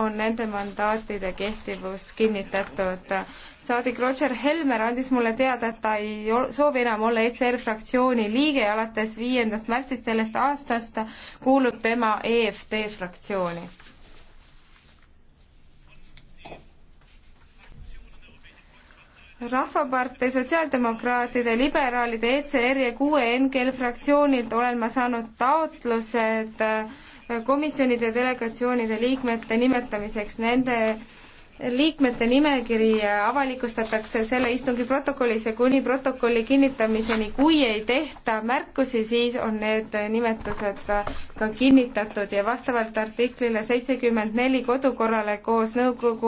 on nende mandaatide kehtivus kinnitatud. saadik Roger Helmer andis mulle teada, et ta ei soovi enam olla ECR fraktsiooni liige ja alates viiendast märtsist sellest aastast kuulub tema EFD fraktsiooni. rahvapartei, sotsiaaldemokraatide, liberaalide, ECR ja kuue NGL fraktsioonilt olen ma saanud taotlused äh, komisjonide ja delegatsioonide liikmete nimetamiseks. Nende liikmete nimekiri äh, avalikustatakse selle istungi protokollis ja kuni protokolli kinnitamiseni, kui ei tehta märkusi, siis on need nimetused äh, ka kinnitatud ja vastavalt artiklile seitsekümmend neli kodukorrale koos nõukogu